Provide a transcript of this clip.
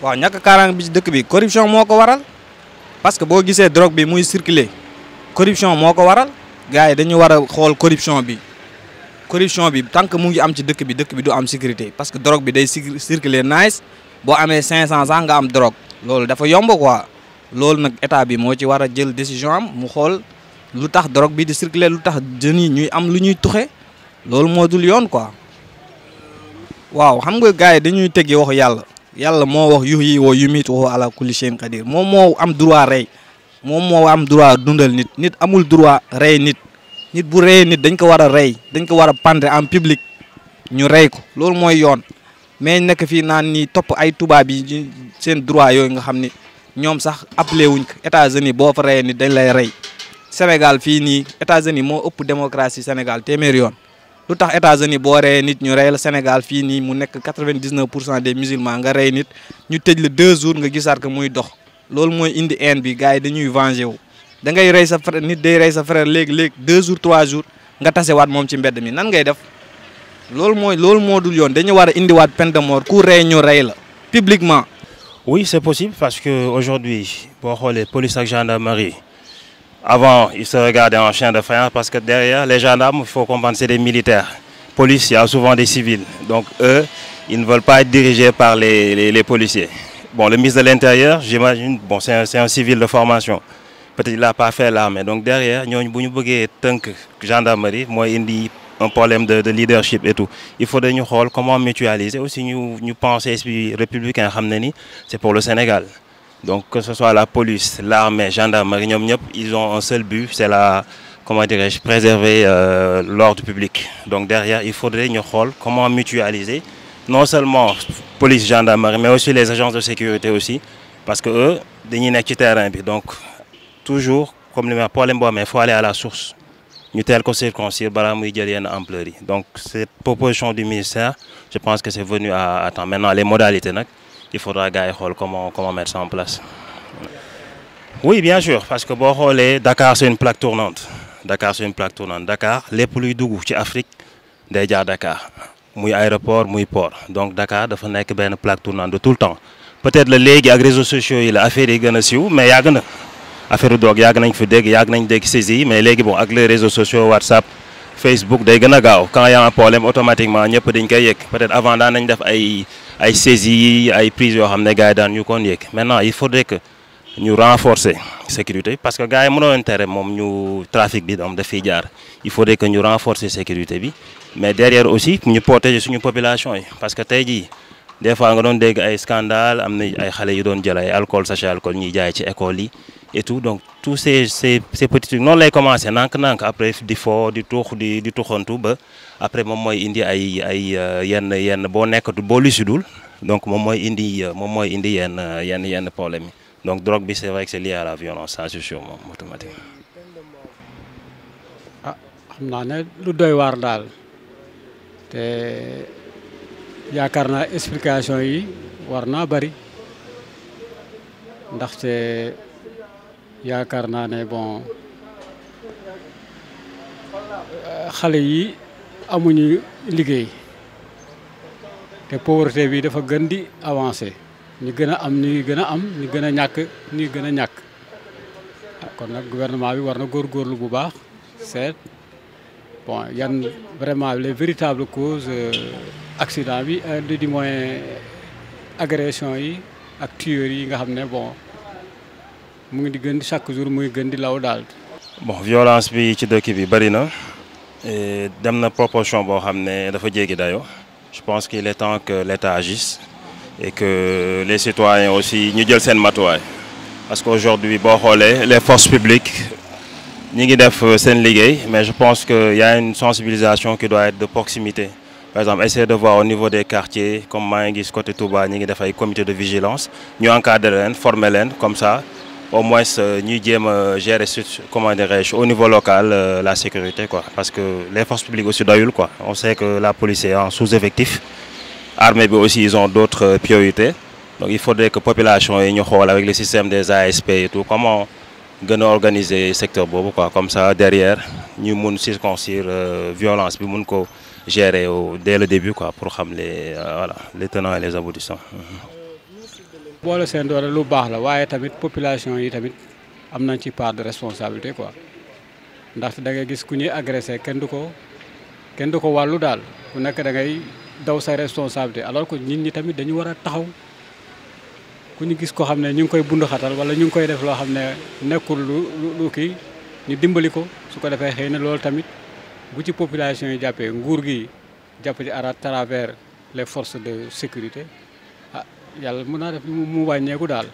waaw ñàkk kaaraange bi ci dëkk bi corruption moo ko waral parce que boo gisee drogue bi muy circuler corruption moo ko waral gars yi dañu war a xool corruption bi corruption bi tant que mu ngi am ci dëkk bi dëkk bi du am sécurité parce que drogue bi day circuler nice boo amee 500 sax nga am drogue loolu dafa yomb quoi loolu nag état bi moo ci war a jël décision am mu xool lu tax drogue bi di circuler lu tax jeunes yi ñuy am lu ñuy tuxe loolu moo dul yoon quoi waaw xam nga gars yi dañuy teggi waxu yàlla. yàlla moo wax yuhyi wa yumiitu wa ala kulli shay'in qadir moom moo am droit rey moom moo am droit dundal nit nit amul droit rey nit nit bu reyee nit dañ ko war a rey dañ ko war a pendre en public ñu rey ko loolu mooy yoon mais nekk fii naan nii topp ay tubaab yi seen droit yooyu nga xam ni ñoom sax appelé wuñ ko États-Unis boo fa reyee nit dañ lay rey Sénégal fii nii États-Unis moo ëpp démocratie Sénégal téeméer yoon Tout États-Unis boo Sénégal fini 99% des musulmans nga nit ñu deux jours nga gisaat que muy dox loolu mooy indi haine gars dañuy deux jours trois jours nga tasewaat moom ci mbedd mi nan def peine de mort publiquement. oui c'est possible parce que aujourd'hui les police ak gendarmerie. Avant, ils se regardaient en chien de fer parce que derrière, les gendarmes, il faut compenser les des militaires. policiers, il y souvent des civils. Donc eux, ils ne veulent pas être dirigés par les, policiers. Bon, le ministre de l'Intérieur, j'imagine, bon, c'est un, civil de formation. Peut-être qu'il n'a pas fait l'armée. Donc derrière, nous avons tant que gendarmerie, moi, il un problème de, leadership et tout. Il faudrait nous rôle. comment mutualiser. Aussi, nous, pensons, penser, esprit républicain, c'est pour le Sénégal. Donc que ce soit la police, l'armée, gendarmerie, ils ont un seul but, c'est la comment dirais-je, préserver euh, l'ordre public. Donc derrière, il faudrait une rôle, comment mutualiser, non seulement police, gendarmerie, mais aussi les agences de sécurité aussi, parce que eux, ils sont terrain. Donc toujours, comme le maire Paul mais il faut aller à la source. Nous tel que Donc cette proposition du ministère, je pense que c'est venu à, à temps. Maintenant, les modalités, il faudra gars comment comment mettre ça en place. oui bien sûr parce que Dakar c'est une plaque tournante Dakar c'est une plaque tournante Dakar les pollues d'Ougou, ci Afrique déjà Dakar muy aéroport muy port donc Dakar dafa nekk une plaque tournante de tout le temps peut-être le les réseaux sociaux il y affaire yi y a mais yàgg na affaire doog yàgg nañ fi dégg yàgg nañ dégg saisi mais les bon ak les réseaux sociaux WhatsApp. Facebook day il y a un problème automatiquement ñëpp dañ koy yëg peut-être avant daan nañ def ay ay saisies ay prises yo xamné gaay daan ñu maintenant il faudrait que ñu renforcer sécurité parce que gars mëno un intérêt pour ñu trafic bi doom il faudrait que ñu renforcer sécurité bi mais derrière aussi ñu protéger suñu population parce que tay ji des fois nga doon des ay scandale amna a ay xalé yu doon jël ay alcool sachet alcool ñi jaay ci école et tout donc tous ces ces ces petits noonu lay commencé nànk-nànk après di foo di tuux di di tuxantu ba après moom mooy indi ay ay euh, yenn yenn boo nekkatu boo lucidul donc moom mooy indi euh, moom mooy indi yenn euh, yenn yenn problème yi donc drogue bi c'est vrai que c'est lié à la ah xam naa ne lu doy waar daal te yaakaar naa explication yi war naa bari ndaxte. yaakaar naa ne bon euh, xale yi amuñu liggéey te pauvreté bi dafa gën di avancé ñu gën a am ñu gën a am ñu gën a ñàkk ñu gën a ñàkk kon nag gouvernement bi war na góor góorlu bu baax seet bon yan vraiment les véritables causes euh, accident bi euh, du moins agression yi ak tueur yi nga xam ne bon chaque jour muy gën di law dal bon violence bi ci bi bari na proportion bo je pense qu'il est temps que l'État agisse et que les citoyens aussi ñu jël sen parce qu'aujourd'hui, les forces publiques ñi ngi def mais je pense qu'il y a une sensibilisation qui doit être de proximité par exemple essayer de voir au niveau des quartiers comme Mangis, côté Touba ñi ngi def comité de vigilance ñu encadrer len former len comme ça au moins nous euh, devons gérer au niveau local euh, la sécurité quoi parce que les forces publiques aussi d'ailleurs quoi on sait que la police est en sous-effectif armée aussi ils ont d'autres euh, priorités donc il faudrait que la population ait une rôle avec le système des ASP et tout comment organiser le organiser secteur Bob, quoi comme ça derrière ñu mun la violence bi mun gérer dès le début quoi pour ramener les tenants et les aboutissants boole sen doole lu bax la waye tamit population yi tamit am nañ ci part de responsabilité quoi ndax da ngay gis ku ñuy agresser kenn duko ko kenn du ko wàllu ku nek da ngay daw sa responsabilité alors que nit ñi tamit dañu wara taxaw ku ñu gis ko xam ñu ngi koy bund xatal wala ñu ngi koy def lo xam nekul lu lu ki ñu dimbali ko su ko defé xeyna lool tamit bu ci population yi jappé nguur gi jàpp ci à travers les forces de sécurité yàlla mën naa def mu wàññeeku daal.